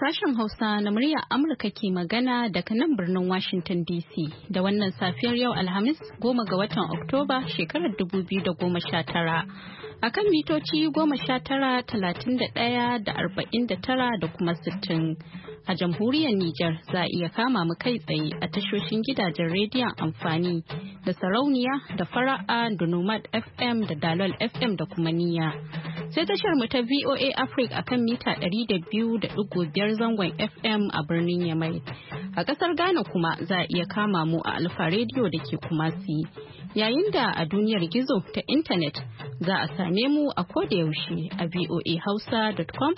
Sashen Hausa na murya Amurka ke magana daga nan birnin Washington DC da wannan safiyar yau Alhamis goma ga watan Oktoba shekarar 2019. a kan mitoci goma sha tara talatin da ɗaya da arba'in da tara da kuma sittin a jamhuriyar Nijar za a iya kama mu kai tsaye a tashoshin gidajen rediyon amfani da sarauniya da fara'a da nomad fm da dalol fm da kuma niya sai tashar mu ta voa africa akan mita da 200.5 zangon fm a birnin yamai a kasar ghana kuma za a iya kama mu a alfa rediyo da ke kumasi yayin da a duniyar gizo ta intanet za a same mu a yaushe a voahausa.com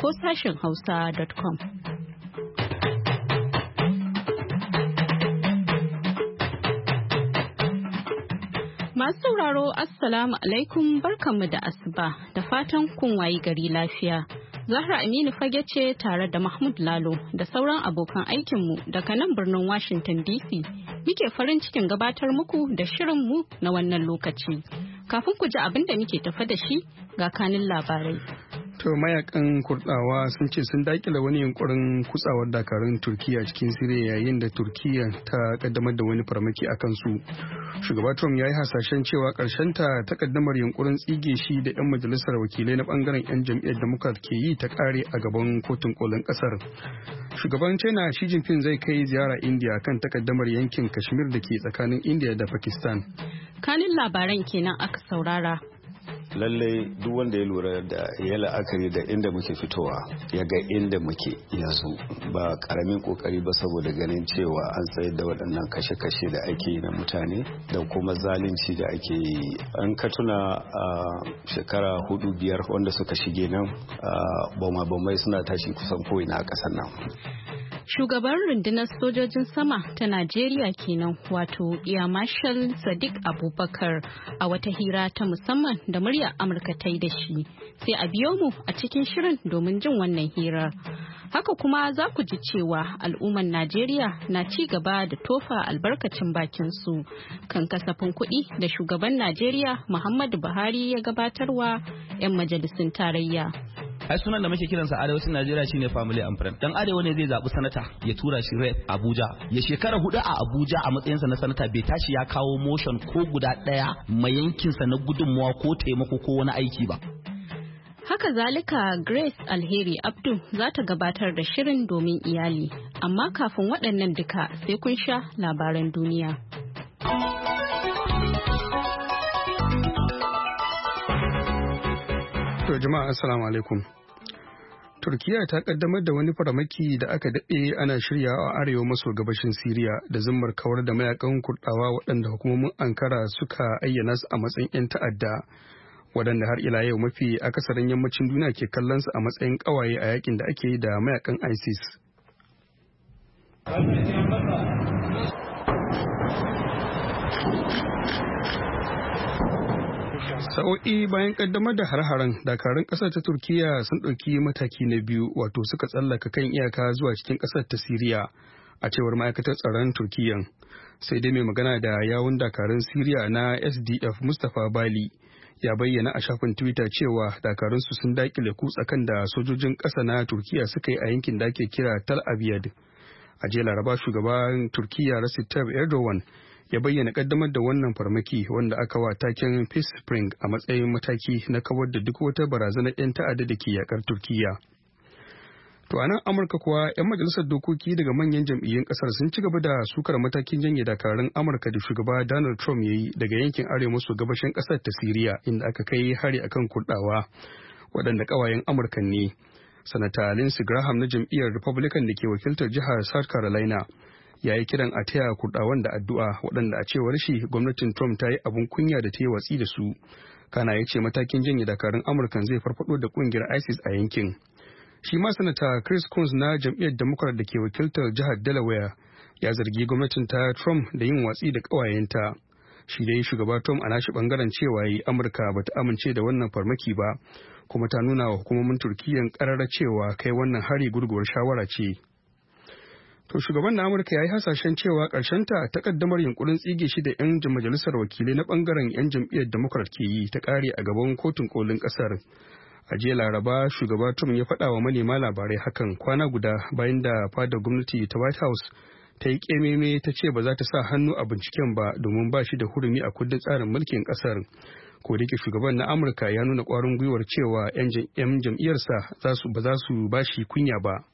ko sashen hausa.com. Masu sauraro Assalamu alaikum barkanmu da asuba da fatan kun wayi gari lafiya. Zahra Aminu fage ce tare da Mahmud Lalo da sauran abokan aikinmu daga nan birnin Washington DC. Muke farin cikin gabatar muku da shirinmu na wannan lokaci. Kafin ku ji abin da muke tafa da shi ga kanin labarai. To mayakan kurdawa sun ce sun dakila wani yunkurin kutsawar dakarun Turkiya cikin Siriya yayin da Turkiya ta kaddamar da wani farmaki a kansu. Shugaba Trump ya yi hasashen cewa ta takaddamar yunkurin tsige shi da 'yan majalisar wakilai na bangaren 'yan jam'iyyar Democrat ke yi ta kare a gaban kotun kolin kasar. Shugaban China Xi Jinping zai kai ziyara India kan takaddamar yankin Kashmir da ke tsakanin India da Pakistan. Kanin labaran kenan aka saurara. lallai duk wanda ya lura da ya la'akari da inda muke fitowa ya ga inda muke yanzu ba karamin kokari ba saboda ganin cewa an tsayar da waɗannan kashe-kashe da ake yi na mutane da kuma zalunci da ake yi an katuna a shekara hudu biyar wanda suka shige nan bama-bamai suna tashi kusan ko'ina a ƙasar nan Shugaban rundunar sojojin sama ta Najeriya kenan wato ya Marshal Sadiq Abubakar a wata hira ta musamman da murya Amurka ta yi da shi. Sai a biyo mu a cikin shirin domin jin wannan hirar. Haka kuma za ku ji cewa al'umman Najeriya na ci gaba da tofa albarkacin bakin su kan kasafin kuɗi da shugaban Najeriya Muhammadu Buhari ya gabatarwa 'yan majalisun tarayya. ai sunan da muke kiransa arewacin Najeriya shine family and friend dan arewa ne zai zabi sanata ya tura shi rep Abuja ya shekara hudu a Abuja a matsayin sa na sanata bai tashi ya kawo motion ko guda daya ma sa na gudunmawa ko taimako ko wani aiki ba Haka zalika Grace Alheri Abdu za ta gabatar da shirin domin iyali, amma kafin waɗannan duka sai kun sha labaran duniya. To jama'a assalamu alaikum. Turkiya ta kaddamar da wani faramaki da aka daɗe ana shirya a arewa maso gabashin Siriya da zimmar kawar da mayakan kurɗawa waɗanda hukumomin Ankara suka ayyana su a matsayin 'yan ta'adda. Waɗanda har ila yau mafi akasarin yammacin duniya ke kallon su a matsayin ƙawaye a yakin da ake yi da mayakan ISIS. sa'o'i bayan kaddamar da har-haren dakarun kasar ta turkiya sun ɗauki mataki na biyu wato suka tsallaka kan iyaka zuwa cikin kasar ta siriya a cewar ma'aikatar tsaron turkiyan sai dai mai magana da yawun dakarun siriya na sdf mustapha bali ya bayyana a shafin twitter cewa dakarunsu sun dakile kutsa kan da sojojin ƙasa na turkiya suka yi a yankin da ake kira tal abyad a jiya laraba shugaban turkiya rasitab erdogan ya bayyana kaddamar da wannan farmaki wanda aka wa taken peace spring a matsayin mataki na kawar da duk wata barazanar 'yan ta'adda da ke yakar turkiya to a amurka kuwa 'yan majalisar dokoki daga manyan jam'iyyun kasar sun ci gaba da sukar matakin janye dakarun amurka da shugaba donald trump ya yi daga yankin arewa maso gabashin kasar ta siriya inda aka kai hari akan kurdawa waɗanda ƙawayen amurka ne sanata lindsey graham na jam'iyyar republican da ke wakiltar jihar south carolina ya yi kiran a taya kurdawan da addu'a waɗanda a cewar shi gwamnatin trump ta yi abun kunya da ta yi watsi da su kana ya ce matakin janye dakarun amurkan zai farfado da kungiyar isis a yankin shi ma sanata chris coons na jam'iyyar democrat da ke wakiltar jihar delaware ya zargi gwamnatin ta trump da yin watsi da ƙawayenta shi dai shugaba trump a nashi bangaren cewa yi amurka ba ta amince da wannan farmaki ba kuma ta nuna wa hukumomin turkiyyan karara cewa kai wannan hari gurguwar shawara ce To shugaban na Amurka ya yi hasashen cewa ƙarshenta kaddamar yunkurin tsige shi da 'yan majalisar wakilai na bangaren 'yan jam'iyyar Democrat ke yi ta kare a gaban kotun kolin ƙasar. A jiya Laraba shugaba Trump ya faɗa wa manema labarai hakan kwana guda bayan da fadar gwamnati ta White House ta yi ƙememe ta ce ba za ta sa hannu a binciken ba domin ba shi da hurumi a kundin tsarin mulkin ƙasar. Ko da shugaban na Amurka ya nuna ƙwarin gwiwar cewa 'yan jam'iyyarsa ba za su ba shi kunya ba.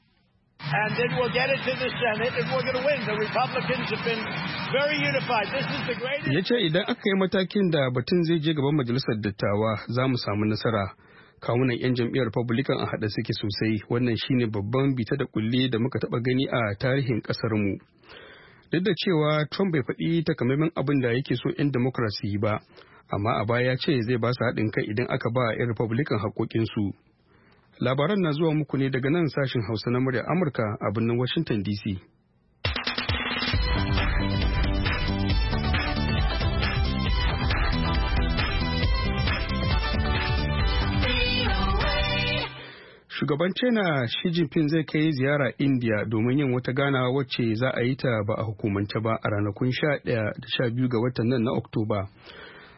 and then we'll get it to the Senate and we're going to win. The Republicans have been very unified. This is the greatest. ce idan aka yi matakin da batun zai je gaban majalisar dattawa za mu samu nasara. kawunan 'yan jam'iyyar republican a haɗa suke sosai wannan shine babban bita da kulle da muka taɓa gani a tarihin ƙasarmu duk da cewa trump bai faɗi takamaiman abin da yake so 'yan democrats ba amma a baya ce zai ba su haɗin kai idan aka ba 'yan republican haƙoƙinsu labaran na zuwa muku ne daga nan sashen hausa na murya amurka a birnin washington dc shugaban china shi jinping zai kai ziyara india domin yin wata gana wacce za a yi ta ba a hukumance ba a ranakun 11 da 12 ga watan nan na oktoba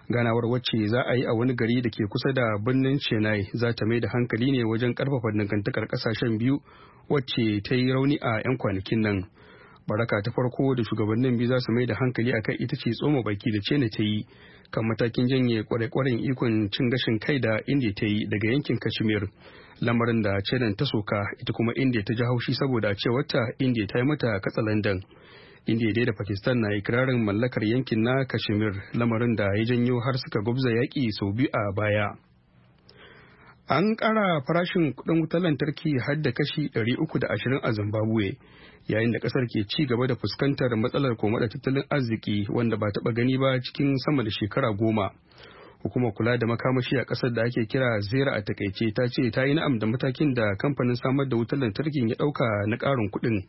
ganawar wacce za a yi a wani gari da ke kusa da birnin chennai za ta mai da hankali ne wajen karfafa dangantakar kasashen biyu wacce ta yi rauni a 'yan kwanakin nan baraka ta farko da shugabannin biyu za su mai da hankali a kan ita ce tsoma baki da chennai ta yi kan matakin janye kwarekwaren ikon cin gashin kai da inda ta yi daga yankin kashmir lamarin da chennai ta soka ita kuma inda ta ji haushi saboda cewarta inda ta yi mata katsalandan inda dai da pakistan na ikirarin mallakar yankin na kashmir lamarin da ya janyo har suka gwabza yaƙi sau biyu a baya an ƙara farashin kuɗin wutar lantarki har da kashi ɗari uku da ashirin a zimbabwe yayin da ƙasar ke ci gaba da fuskantar matsalar komada tattalin arziki wanda ba taɓa gani ba cikin sama da shekara goma hukumar kula da makamashi a ƙasar da ake kira zera a takaice ta ce ta yi na'am da matakin da kamfanin samar da wutar lantarkin ya ɗauka na ƙarin kuɗin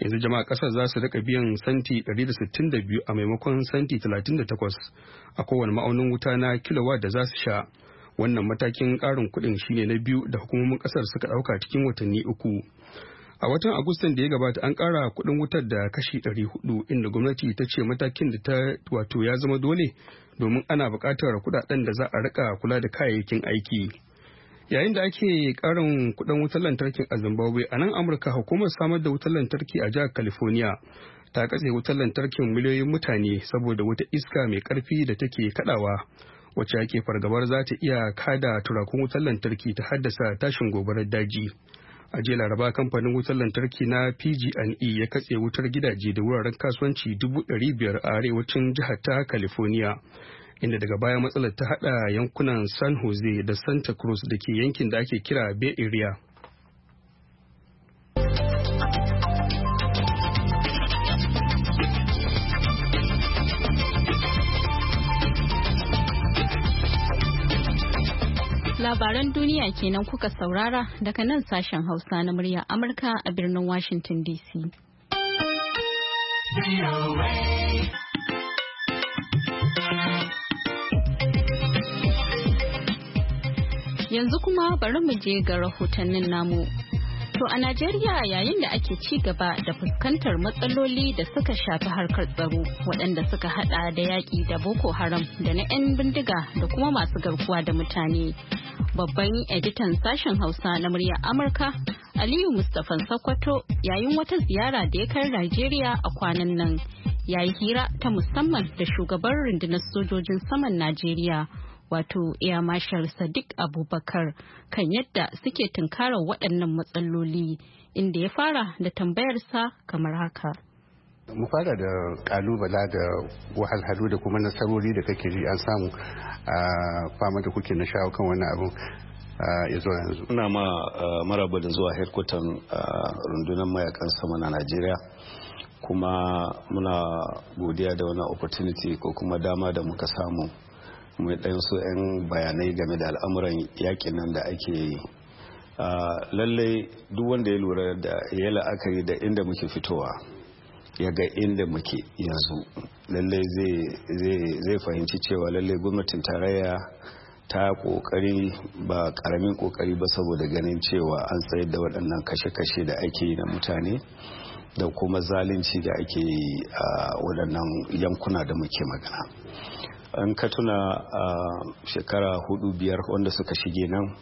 yanzu jama'a kasar za su rika biyan santi 162 a maimakon santi 38 a kowane ma'aunin wuta na kilowa da za su sha wannan matakin karin kudin shine na biyu da hukumomin kasar suka dauka cikin watanni uku a watan agustan da ya gabata an kara kudin wutar da kashi 400 inda gwamnati ta ce matakin da ta wato ya zama dole domin ana bukatar kudaden da za a rika kula da kayayyakin aiki yayin da ake karin kudin wutar lantarki a zimbabwe a nan amurka hukumar samar da wutar lantarki a jihar california ta katse wutar lantarkin miliyoyin mutane saboda wata iska mai karfi da take kadawa wacce ake fargabar za ta iya kada turakun wutar lantarki ta haddasa tashin gobarar daji a jiya laraba kamfanin wutar lantarki na pg&e ya katse wutar gidaje da wuraren kasuwanci 500 a arewacin jihar ta california inda daga baya matsalar ta hada yankunan san jose da santa cruz da ke yankin da ake kira bay area labaran duniya kenan kuka saurara daga nan sashen hausa na murya amurka a birnin washington dc Yanzu kuma bari mu je ga rahotannin namu. To a Najeriya yayin da ake ci gaba da fuskantar matsaloli da suka shafi harkar tsaro waɗanda suka hada da yaƙi da Boko Haram da na 'yan bindiga da kuma masu garkuwa da mutane. Babban editan sashen Hausa na murya Amurka, Aliyu Mustapha Sakwato yayin wata ziyara da ya kai Najeriya a kwanan nan. yayi hira ta musamman da shugaban rundunar sojojin saman Najeriya. wato Air Marshal Sadiq Abubakar kan yadda suke tunkarar waɗannan matsaloli inda ya fara da tambayarsa kamar haka. mu fara da ƙalubala da wahalhalu da kuma nasarori da kake ji an samu a fama da kuke na shawo kan wani abu. ya zuwa yanzu. Ina ma maraba zuwa herkutan rundunar mayakan sama na Najeriya kuma muna godiya da wani opportunity ko kuma dama da muka samu mai ɗan so 'yan bayanai game da al'amuran yakin nan da ake yi lallai duk wanda ya lura da ya la'akari da inda muke fitowa ya ga inda muke yanzu lallai zai fahimci cewa lallai gwamnatin tarayya ta kokari ba karamin kokari ba saboda ganin cewa an tsayar da waɗannan kashe-kashe da ake yi na mutane da kuma zalunci da ake yi a waɗannan yankuna da muke magana an ka tuna shekara hudu biyar wanda suka shige nan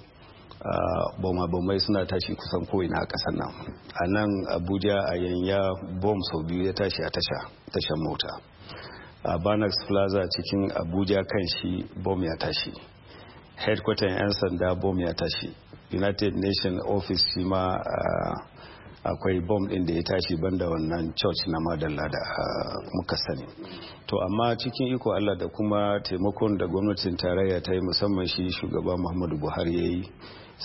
bama-bamai suna tashi kusan ko'ina a kasar nan a nan abuja a yanya bom sau biyu ya tashi a tasha tashan mota a banax plaza cikin abuja kan shi bom ya tashi headquarter 'yan sanda bom ya tashi united nation office shi ma uh, akwai bom din da ya tashi banda wannan church na madalla da ah, muka sani to amma cikin iko Allah da kuma taimakon da gwamnatin tarayya ta yi musamman shi shugaba Muhammadu Buhari yayi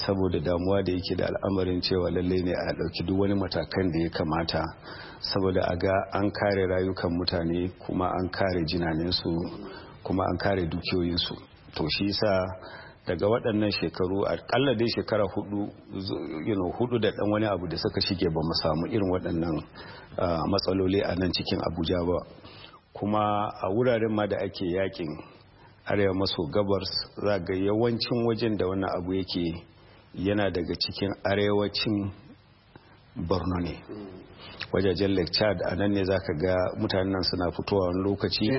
saboda damuwa da yake da al'amarin cewa lallai ne a ɗauki duk wani matakan da ya kamata saboda a ga an kare rayukan mutane kuma an kare jinanensu kuma an kare dukiyoyinsu to shi sa daga waɗannan shekaru akalla dai shekara hudu hudu da ɗan wani abu da suka shige ba mu samu irin waɗannan matsaloli a nan cikin abuja ba kuma a wuraren ma da ake yakin arewa maso gabas za ga yawancin wajen da wannan abu yake yana daga cikin arewacin borno ne wajajen lake chad a nan ne za ka ga mutanen suna fitowa wani lokaci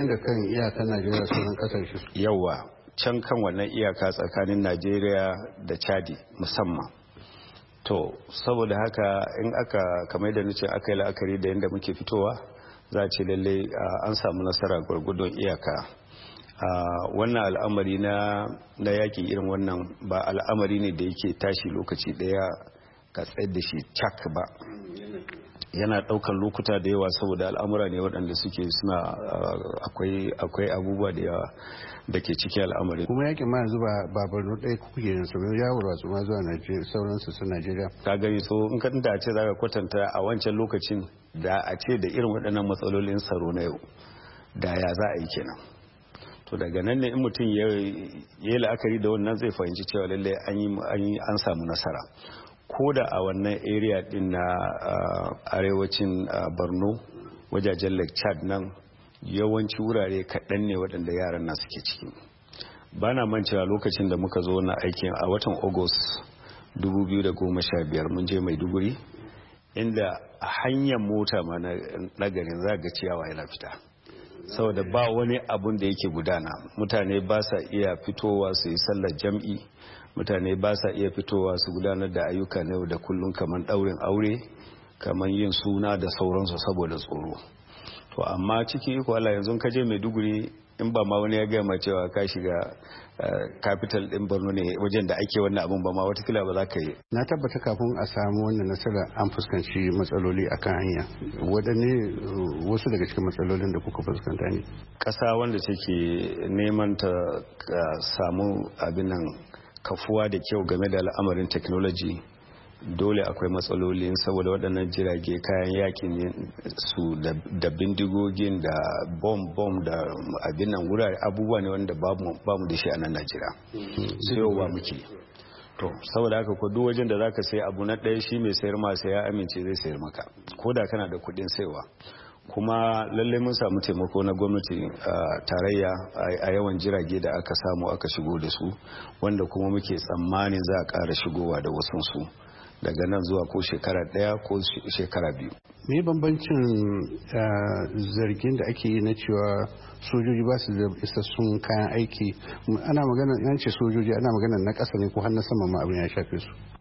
yawa can kan wannan iyaka tsakanin najeriya da chadi musamman to saboda haka in aka kamar da nace aka yi la'akari da yadda muke fitowa za a ce lalle an samu nasara gwargwadon iyaka wannan al'amari na yaƙi irin wannan ba al'amari ne da yake tashi lokaci daya ka tsayar da shi cak ba yana ɗaukar lokuta da yawa saboda al'amura ne waɗanda suke suna ah, akwai abubuwa da yawa da ke ciki al'amarin. kuma yakin ma yanzu ba borno ɗaya kuke yin sauran yawon watsu ma zuwa sauransu su najeriya ka gani so in ka da ce za ka kwatanta a wancan lokacin da a ce da irin waɗannan matsalolin tsaro na yau da ya za a yi kenan to daga nan ne in mutum ya yi la'akari da wannan zai fahimci cewa lallai an samu nasara Koda a wannan area din na ah, arewacin ah, borno wajajen lake chad nan yawanci wurare kaɗan ne waɗanda yaran na suke ciki ba na mancewa lokacin da muka zo na aikin a watan august 2015 mun je maiduguri inda hanyar mota ma na nagarin zaga ciyawa yana fita saboda ba wani abun da yake gudana mutane ba sa iya fitowa su yi sallar jam'i mutane ba sa iya fitowa su gudanar da ayyuka na yau da kullum kamar ɗaurin aure kamar yin suna da sauransu saboda tsoro to amma ciki iko ala yanzu ka je Maiduguri in ba ma wani ya gama cewa ka shiga eh, capital din Borno ne wajen da ake wannan abun ba ma wata kila ba za ka yi na tabbata kafin a samu wannan nasara an fuskanci matsaloli a kan hanya waɗanne wasu daga cikin matsalolin da kuka fuskanta ne ƙasa wanda take neman ta eh, samu abin nan kafuwa da kyau game da al'amarin technology dole akwai matsalolin saboda waɗannan jirage kayan yakin su da bindigogin da bom-bom da abin nan wurare abubuwa ne wanda babu da shi a nan najira ba muke to saboda haka ko duk wajen da zaka sai abu na ɗaya shi mai sayar ma ya amince zai sayar maka ko da kana da kuɗin saiwa kuma lallai mun samu taimako na gwamnati tarayya a yawan jirage da aka samu aka shigo da su wanda kuma muke tsammanin za a ƙara shigowa da su daga nan zuwa ko shekara ɗaya ko shekara biyu me bambancin zargin da ake yi na cewa sojoji ba su da isassun kayan aiki ana magana yance sojoji ana magana na ƙasa ne ko har na sama ma abin ya shafe su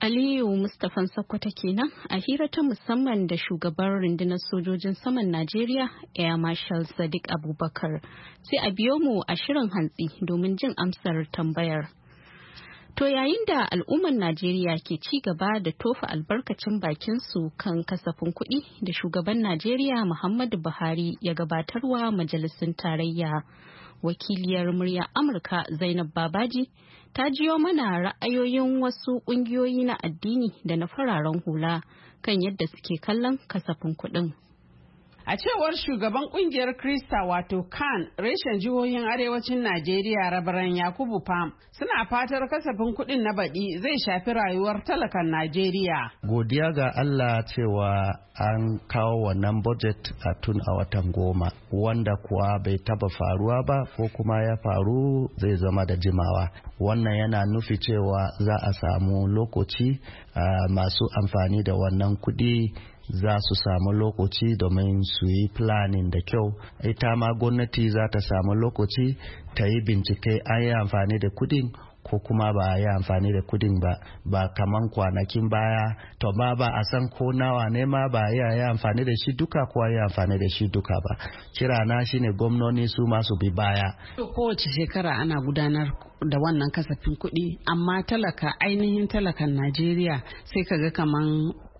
Aliyu Mustafan Sokoto kenan a hira ta musamman da shugaban rundunar sojojin saman Najeriya Air Marshal Sadiq Abubakar sai a biyo mu a shirin hantsi domin jin amsar tambayar. To yayin da al'ummar Najeriya ke ci gaba da tofa albarkacin bakin su kan kasafin kuɗi da shugaban Najeriya Muhammadu Buhari ya gabatarwa majalisun tarayya wakiliyar murya Amurka Zainab Babaji. ta jiyo mana ra'ayoyin wasu ƙungiyoyi na addini da na fararen hula kan yadda suke kallon kasafin kuɗin. A cewar shugaban kungiyar Krista wato Khan, reshen jihohin arewacin Najeriya rabaran Yakubu Pam suna fatar kasafin kuɗin na baɗi zai shafi rayuwar talakan Najeriya. Godiya ga Allah cewa an kawo wannan budget a tun a watan goma wanda kuwa bai taba faruwa ba ko kuma ya faru zai zama da jimawa. Wannan yana nufi cewa za a samu lokaci uh, masu amfani da wannan kuɗi za su samu lokaci domin su yi planning da kyau ita ma gwamnati za ta samu lokaci ta yi bincike an yi amfani da kudin ko kuma ba a yi amfani da kudin ba ba kaman kwanakin baya to ba ba a san ko nawa ne ma ba a yi amfani da shi duka ko a yi amfani da shi duka ba kira na shine gwamnoni su masu bi baya kowace shekara ana gudanar da wannan kasafin kuɗi amma talaka ainihin talakan najeriya sai kaga kaman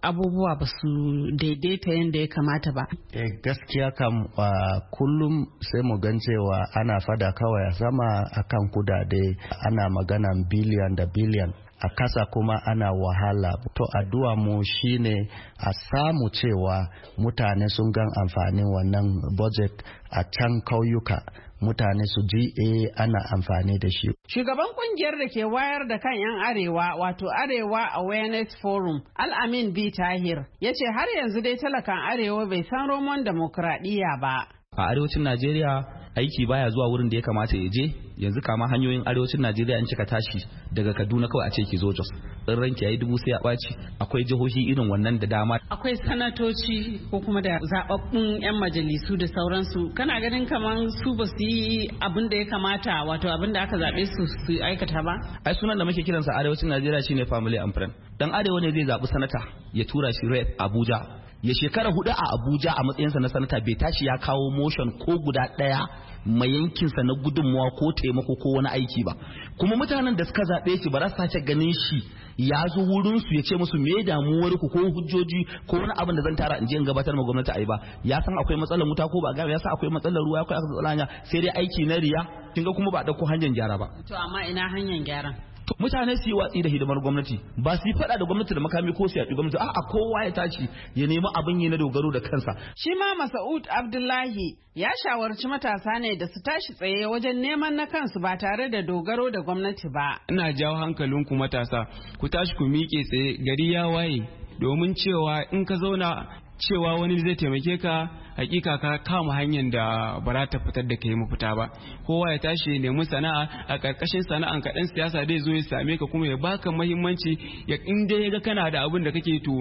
abubuwa ba su daidaita yadda ya kamata ba. E, gaskiya kam uh, kullum sai mu gan cewa ana fada kawai sama akan kudade ana maganan biliyan da biliyan a kasa kuma ana wahala to addu'a mu shine a samu cewa mutane sun gan amfanin wannan budget a can kauyuka mutane su ji eh ana amfani da shi. Shugaban kungiyar da ke wayar da kan 'yan Arewa wato Arewa Awareness Forum alamin amin B. Tahir ya ce har yanzu dai talakan Arewa bai san romon demokradiyya ba. a arewacin najeriya aiki baya zuwa wurin da ya kamata ya je yanzu kama hanyoyin arewacin najeriya in cika tashi daga kaduna kawai a ce ki zo jos in ranki yayi dubu sai a ɓaci akwai jihohi irin wannan da dama akwai sanatoci ko kuma da zababbun yan majalisu da sauransu kana ganin kaman su ba su yi abin da ya kamata wato abin da aka zaɓe su su aikata ba ai sunan da muke kiransa arewacin najeriya shine family and friend dan arewa ne zai zaɓi sanata ya tura shi rep abuja ya shekara hudu a abuja a matsayinsa na sanata bai tashi ya kawo motion ko guda daya mai yankinsa na gudunmuwa ko taimako ko wani aiki ba kuma mutanen da suka zaɓe shi ba za su sake ganin shi ya zo wurinsu ya ce musu me damuwar ku ko hujjoji ko wani abin da zan tara in je in gabatar ma gwamnati a yi ba ya san akwai matsalar wuta ko ba gaba ya san akwai matsalar ruwa akwai matsalar hanya sai dai aiki na riya kin ga kuma ba dauko hanyar gyara ba to amma ina hanyar gyaran mutane su yi watsi da hidimar gwamnati ba su yi fada da gwamnati da makami ko su yaɗi gwamnati kowa ya tashi ya nemi abin yi na dogaro da kansa shi ma Masa'ud Abdullahi ya shawarci matasa ne da su tashi tsaye wajen neman na kansu ba tare da dogaro da gwamnati ba ina jawo hankalin ku matasa ku tashi ku miƙe tsaye gari ya waye domin cewa in ka zauna cewa wani zai taimake ka hakika ka kama hanyar da ba za ta fitar da ka yi mafita ba kowa ya tashi ya nemi sana'a a karkashin sana'an kaɗan siyasa dai zo ya same ka kuma ya baka muhimmanci ya in dai ya ga kana da abin da kake to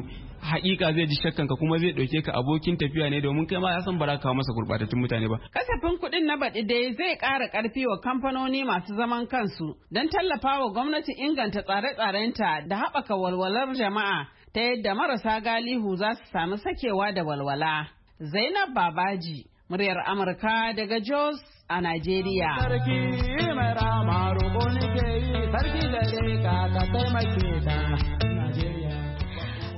hakika zai ji shakkan ka kuma zai ɗauke ka abokin tafiya ne domin kai ma ya san ba ka masa gurbatattun mutane ba. kasafin kuɗin na baɗi dai zai ƙara ƙarfi wa kamfanoni masu zaman kansu don tallafa wa gwamnati inganta tsare-tsarenta da haɓaka walwalar jama'a ta yadda marasa galihu za su sami sakewa da walwala. Zainab Babaji, muryar Amurka daga Jos a Najeriya.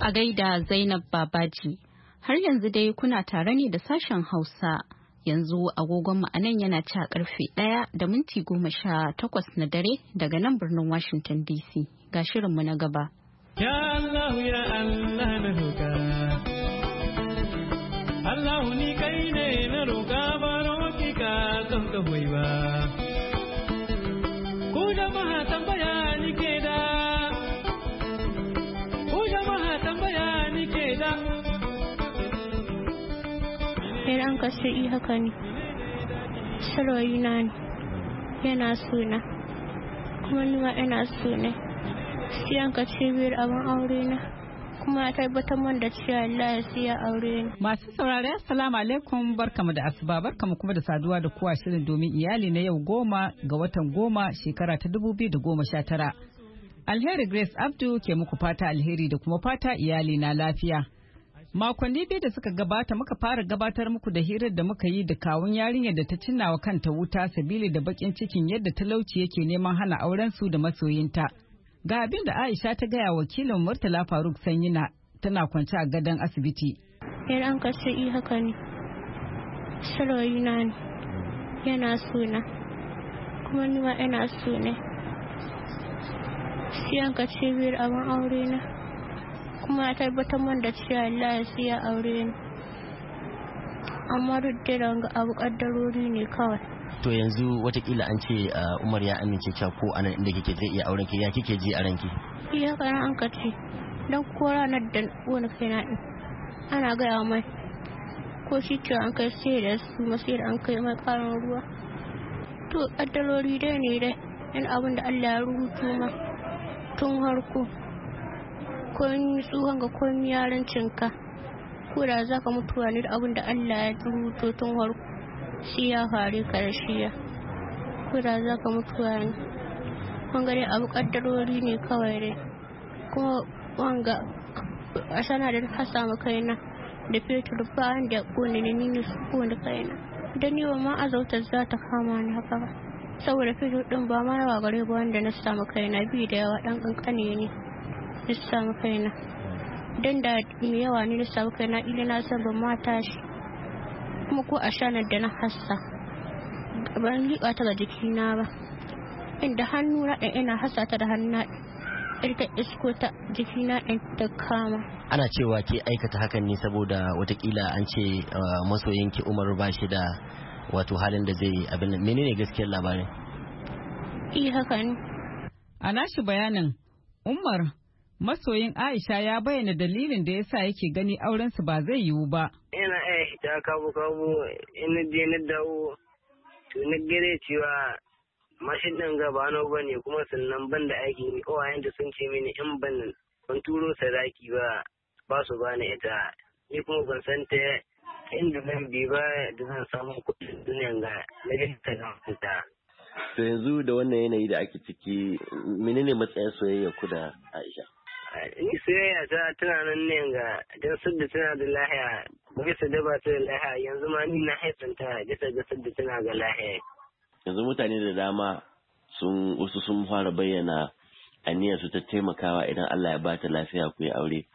A gaida Zainab Babaji, har yanzu dai kuna tare ne da sashen Hausa. yanzu agogonmu a nan yana ci a karfe ɗaya da minti goma sha takwas na dare daga nan birnin Washington DC. Ga shirinmu na gaba. Ya Allah ya Allah na roƙa Allah ni kai ne na roƙa ba roƙi ka don ka hoyi ba Ku jama'a tambaya ni ke da Ku jama'a tambaya ni ke da Idan ka sai haka ne Sarwayi na ne yana suna kuma ni ma ina suna yanka cibiyar abin aure na kuma tabbatar man da cewa Allah ya siya aure ni. Masu saurari assalamu alaikum barkamu da asuba barkamu kuma da saduwa da kowa shirin domin iyali na yau goma ga watan goma shekara ta dubu biyu da goma sha tara. Alheri Grace Abdu ke muku fata alheri da kuma fata iyali na lafiya. Makonni biyu da suka gabata muka fara gabatar muku da hirar da muka yi da kawun yarinyar da ta cinnawa kanta wuta sabili da bakin cikin yadda talauci yake neman hana auren su da masoyinta. Ga abin da Aisha ta gaya wakilin Murtala Faruk Sanyina tana kwance a gadon asibiti. Yar an kasu i haka ne, na ne, yana suna, kuma nima yana suna. Sai an kace biyar abin aure na, kuma ya tabbatar man da cewa Allah ya siya aure ne Amma duk da abu ƙaddarori ne kawai. to yanzu watakila an ce uh, umar ya amince cewa ko anan inda kike zai iya auren ki ya kike ji a ranki iya eh, na an kace dan ko ranar da wani kai na ana gaya mai ko shi ce an kai sai da su masu yadda an kai mai karin ruwa to kaddalori dai ne dai in abin da Allah ya rubuto ma tun harko komi tsohon ga komi yarancinka ko da za ka mutuwa ne da abin da Allah ya rubuta tun harko shi ya faru ya? kuda za ka mutuwa ne wangare abu kaddarori ne kawai dai kuma wanga a da hasa samu kaina da fetur ba da kone ne ni kone kaina don yi wa ma azautar za ta kama ni haka ba saboda fetur din ba ma yawa gare ba wanda na samu kaina bi da yawa dan kankane ne na samu kaina don da mai yawa ne na samu kaina ila na san ban ma tashi kuma ko a shanar da na hassa ban liƙa ta ga jikina ba inda hannu na ɗan ina hasa ta da hannu irka isko ta jikina ɗan ta kama ana cewa ke aikata hakan ne saboda watakila an ce uh, masoyinki umaru ba shi da wato halin da zai abin nan menene gaskiyar labarin i haka ne a nashi bayanin umar masoyin aisha ya bayyana dalilin da yasa yake gani aurensu ba zai yiwu ba eh, ta kabu kabu ina je na dawo to gare cewa mashin ɗin gaba na ba ne kuma sannan ban da aiki ne kawayen da sun ce mini in ban ban turo sadaki ba ba su ba ni ita ni kuma ban san ta inda zan bi ba da zan samu kuɗin duniyan ga na ga na fita. To yanzu da wannan yanayi da ake ciki menene matsayin soyayya kuda Aisha? ni soyayya ta tana nan ne ga don sadda tana da lahiya bisa da ba ta da lahiya yanzu ma ni na ta, bisa da sadda tana ga lahiya. Yanzu mutane da dama sun wasu sun fara bayyana aniyar su ta taimakawa idan Allah ya ba ta lafiya ku yi aure.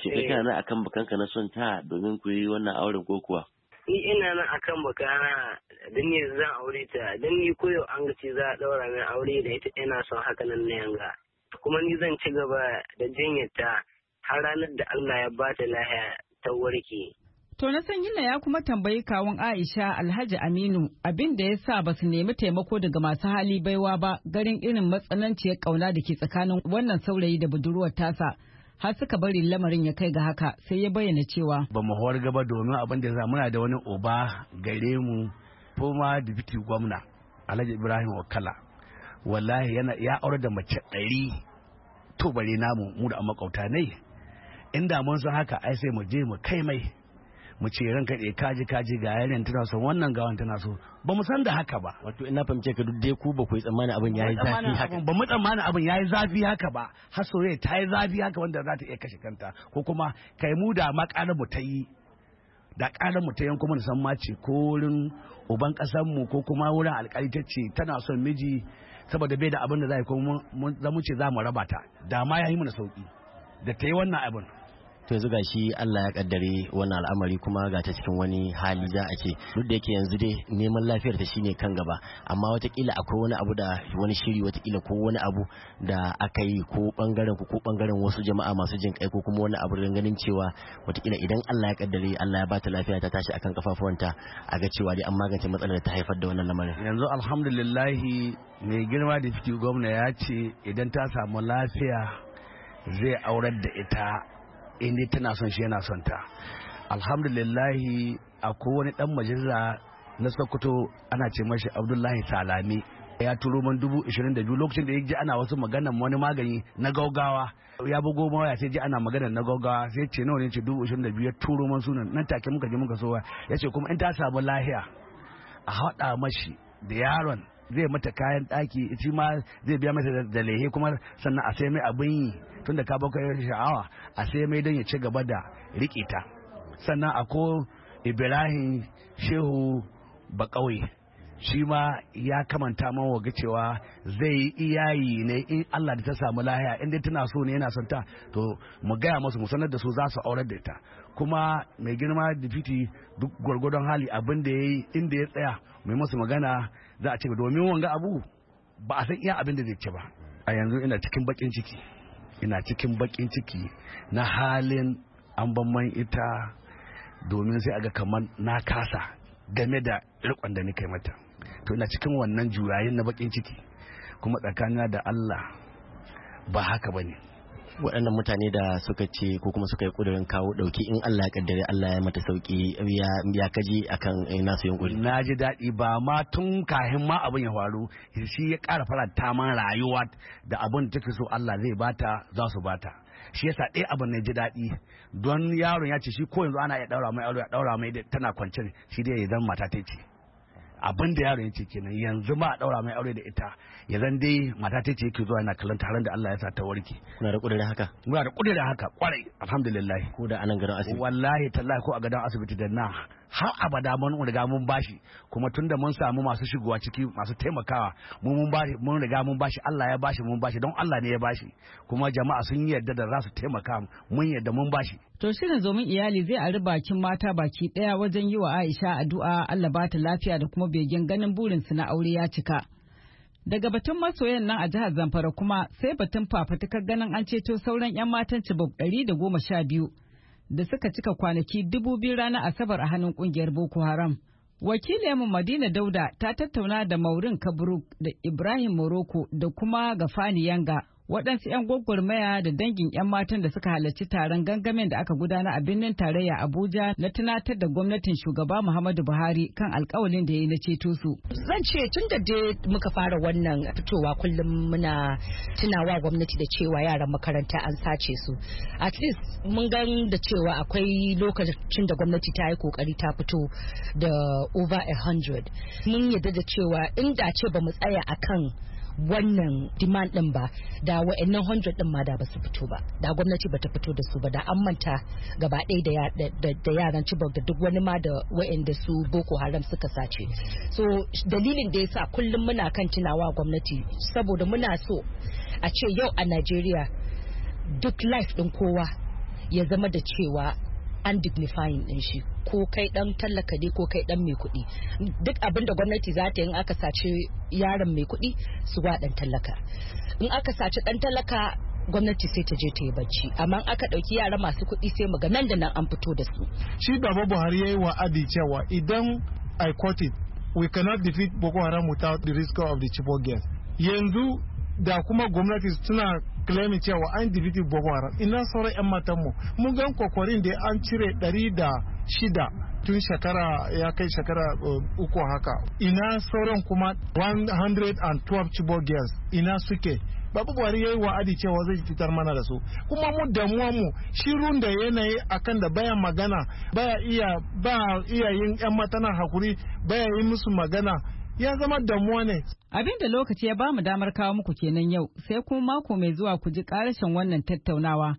Shi eh. kana nan akan bakanka na son ta domin ku yi wannan auren ko kuwa? Ni ina nan akan bakana don ne zan aure ta don ni koyo an gaci za a ɗaura min aure da ita ina son haka nan na yanga. kuma ni zan ci gaba da jinyata har ranar da Allah ya ba da lahiya ta warke. To na san yinna ya kuma tambayi kawun Aisha Alhaji Aminu abin da ya sa ba su nemi taimako daga masu hali baiwa ba garin irin matsananciyar kauna da ke tsakanin wannan saurayi da budurwar tasa. har suka bari lamarin ya kai ga haka sai ya bayyana cewa ba mu hawar gaba domin abin da za muna da wani oba gare mu ko ma gwamna Alhaji Ibrahim Wakala wallahi yana ya aure da mace ɗari to bare namu mu da makauta ne inda mun san haka ai sai mu je mu kai mai mu ce ranka ɗaya kaji kaji ga yaren tana so wannan gawan tana so ba mu san da haka ba wato ina fahimce ka duk dai ku ba ku yi tsammanin abin yayi zafi haka ba mu tsammani abin yayi zafi haka ba har so ta yi zafi haka wanda za ta iya kashe kanta ko kuma kai mu da makarar mu ta yi da karar mu ta yanko mana san ma ko korin uban ƙasar mu ko kuma wurin alƙalitacce tana son miji saboda bai da abin da za yi kuma mun ce za mu raba ta da ma ya yi mana sauki da ta yi wannan abin to yanzu shi Allah ya kaddare wannan al'amari kuma ga ta cikin wani hali za a ce duk da yake yanzu dai neman lafiyar ta shine kan gaba amma watakila akwai wani abu da wani shiri watakila ko wani abu da aka yi ko bangaren ku ko bangaren wasu jama'a masu jin kai ko kuma wani abu da ganin cewa watakila idan Allah ya kaddare Allah ya bata lafiya ta tashi akan kafafuwanta a ga cewa dai an magance matsalar da ta haifar da wannan lamarin yanzu alhamdulillah mai girma da fiti gwamna ya ce idan ta samu lafiya zai aurar da ita in dai tana son shi yana son ta alhamdulillahi a wani dan majalisa na sokoto ana ce mashi abdullahi salami ya turo man dubu ishirin da biyu lokacin da ya ji ana wasu maganan wani magani na gaugawa ya bugo ma ya ce ji ana magana na gaugawa sai ce nawa ne ce dubu ishirin da biyu ya turo man sunan nan take muka ji muka sowa ya ce kuma in ta samu lahiya a haɗa mashi da yaron zai mata kayan ɗaki shi ma zai biya mata da lehe kuma sannan a sai mai abin yi tun da ka baka sha'awa a sai mai don ya ci gaba da riƙe ta sannan a ko ibrahim shehu bakauye shi ma ya kamanta man waga cewa zai yi iyayi ne in Allah da ta samu lahiya inda tana so ne yana son ta to mu gaya masu mu sanar da su za su aurar da ita kuma mai girma da fiti duk gwargwadon hali abin da ya yi inda ya tsaya mai masu magana za a ce domin wanga abu ba a san iya abin da zai ce ba a yanzu ina cikin bakin ciki ina cikin bakin ciki na halin an ban ita domin sai aga kamar na kasa game da rikon da nika mata to ina cikin wannan jurayen na bakin ciki kuma tsakanina da Allah ba haka bane waɗannan mutane da suka ce ko kuma suka yi ƙudurin kawo ɗauki in Allah ya ƙaddare Allah ya mata sauƙi. ya kaji akan eh, nasu yunkuri na ji daɗi ba ma tun kahin ma abin ya faru shi ya ƙara faranta man rayuwa da abin da take so Allah zai bata za su bata shi yasa ɗaya abin na ji daɗi don yaron ya ce shi ko yanzu ana iya ɗaura mai aure ya ɗaura mai tana kwance shi dai ya zama mata ta ce abin da yaron ya ce kenan yanzu ma a ɗaura mai aure da ita ya zan dai mata ta ce yake zuwa yana kallon taron da Allah ya sa ta warke Muna da kudirin haka muna da kudirin haka kwarai alhamdulillah ko da anan garin asibiti wallahi tallahi ko a gadan asibiti da na har abada mun riga mun bashi kuma tunda mun samu masu shigowa ciki masu taimakawa mun mun bashi mun riga mun bashi Allah ya bashi mun bashi don Allah ne ya bashi kuma jama'a sun yarda da za su taimaka mun yarda mun bashi to shirin zomin iyali zai ari bakin mata baki daya wajen yi wa Aisha addu'a Allah ba ta lafiya da kuma begen ganin burin su na aure ya cika Daga batun masoyan nan a jihar Zamfara kuma sai batun fafatukar ganin an ceto sauran 'yan matan Chibok ɗari da goma sha biyu da suka cika kwanaki dubu biyu ranar Asabar a hannun kungiyar Boko Haram. Wakiliyarmu Madina Dauda ta tattauna da Maurin Kabruk da Ibrahim Moroko da kuma Gafani Yanga waɗansu 'yan gwagwarmaya da dangin 'yan matan da suka halarci taron gangamin da aka gudana a birnin tarayya abuja na tunatar da gwamnatin shugaba muhammadu buhari kan alkawalin da ya yi na ceto su zan ce tun da dai muka fara wannan fitowa kullum muna tunawa gwamnati da cewa yaran makaranta an sace su at least mun gan da cewa akwai lokacin da gwamnati ta yi kokari ta fito da over a hundred mun yadda da cewa inda ce ba mu tsaya akan wannan demand din ba da wa'annan 100 din ma da ba su fito ba da gwamnati ba ta fito da su ba da an manta gaba ɗaya da yaran ba da duk wani ma da wa'anda su Boko Haram suka sace so dalilin da ya sa kullum muna kan tunawa gwamnati saboda muna so a ce yau a Najeriya duk life din kowa ya zama da cewa an dignifying din shi ko kai dan tallaka ne ko kai dan mai kuɗi duk abin da gwamnati za ta yi in aka sace yaron mai kuɗi su wa dan tallaka in aka sace dan tallaka gwamnati sai ta je ta yi bacci amma in aka ɗauki yara masu kuɗi sai mu ga nan da nan an fito da su shi baba buhari yayi wa'adi cewa idan i quote it we cannot defeat boko haram without the risk of the chibok yanzu da kuma gwamnati suna claiming cewa an dibiti boko haram ina sauran 'yan matanmu mun ga kokarin da an cire ɗari da shida tun shekara ya kai shekara uh, uku haka ina sauran kuma 112 chibok girls ina suke babu ya yayi wa'adi cewa zai fitar mana da su kuma mu damuwa mu shirun da yanayi akan da baya magana baya iya ba iya yin yan matana hakuri baya yi musu magana ya zama damuwa ne. Abin da lokaci ya bamu damar kawo muku kenan yau sai kuma mako mai zuwa ku ji karashin wannan tattaunawa.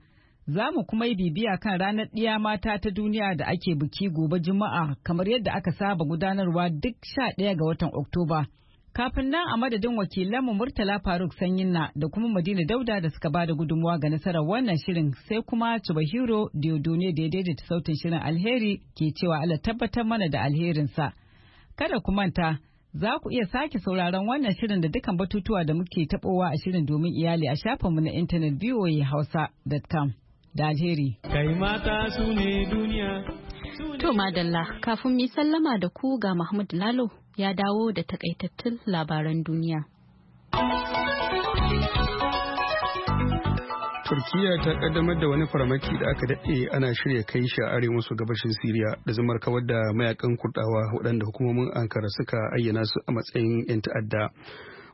Za mu kuma yi bibiya kan ranar ɗiya mata ta duniya da ake biki gobe Juma'a kamar yadda aka saba gudanarwa duk sha ɗaya ga watan Oktoba. Kafin nan a madadin wakilanmu Murtala Faruk Sanyinna da kuma Madina Dauda da suka bada gudunmuwa ga nasarar wannan shirin sai kuma Chubahiro Diodone da ya daidaita sautin shirin alheri ke cewa Allah tabbatar mana da alherinsa. Kada ku manta Za ku iya sake sauraron wannan shirin da dukkan batutuwa da muke tabowa a shirin domin iyali a shafinmu na intanet hausa.com da jeri. Kai mata su ne duniya. To madalla kafin mi sallama da ku ga Mahmud Lalo ya dawo da takaitattun labaran duniya. Turkiyya ta kaddamar da wani farmaki da aka daɗe ana shirya kai shi a arewa su gabashin siriya da zumar kawar da mayakan kurdawa waɗanda hukumomin ankara suka ayyana su a matsayin 'yan ta'adda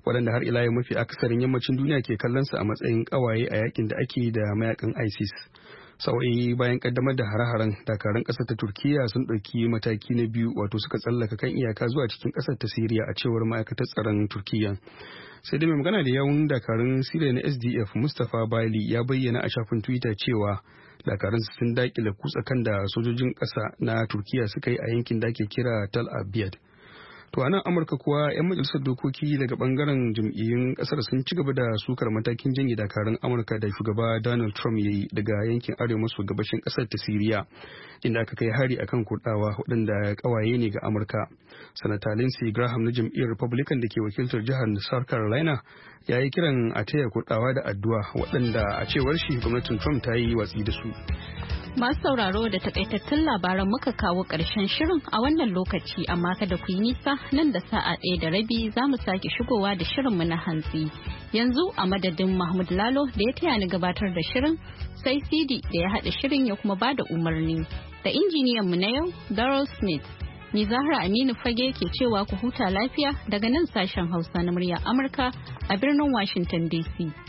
waɗanda har ila mafi akasarin yammacin duniya ke kallon su a matsayin ƙawaye a yakin da ake da mayakan isis sa'o'i bayan kaddamar da hare-haren dakarun kasar ta turkiya sun ɗauki mataki na biyu wato suka tsallaka kan iyaka zuwa cikin kasar ta siriya a cewar ma'aikatar tsaron turkiya sai dai mai magana da yawun dakarun siriya na sdf mustapha bali ya bayyana a shafin twitter cewa dakarun sun dakile kutsa kan da sojojin ƙasa na turkiya suka yi a yankin da ake kira tal abyad To a Amurka kuwa 'yan majalisar dokoki daga bangaren jam'iyyun kasar sun ci gaba da sukar matakin janye dakarun Amurka da shugaba Donald Trump ya yi daga yankin arewa maso gabashin kasar ta Siriya inda aka kai hari akan kurdawa waɗanda kawaye ne ga Amurka. Sanata Lindsey Graham na jam'iyyar Republican da ke wakiltar jihar South Carolina ya yi kiran a taya kurdawa da addu'a waɗanda a cewar shi gwamnatin Trump ta yi watsi da su. Masu sauraro da takaitattun labaran muka kawo ƙarshen shirin a wannan lokaci amma kada ku yi nisa nan da sa'a ɗaya da rabi za mu sake shigowa da shirinmu na hantsi. Yanzu a madadin Mahmud Lalo da ya taya ni gabatar da shirin sai C.D da ya haɗa shirin ya kuma bada umarni da injiniyan mu na yau Daryl Smith. Ni Zahra Aminu Fage ke cewa ku huta lafiya daga nan sashen Hausa na murya Amurka a birnin Washington DC.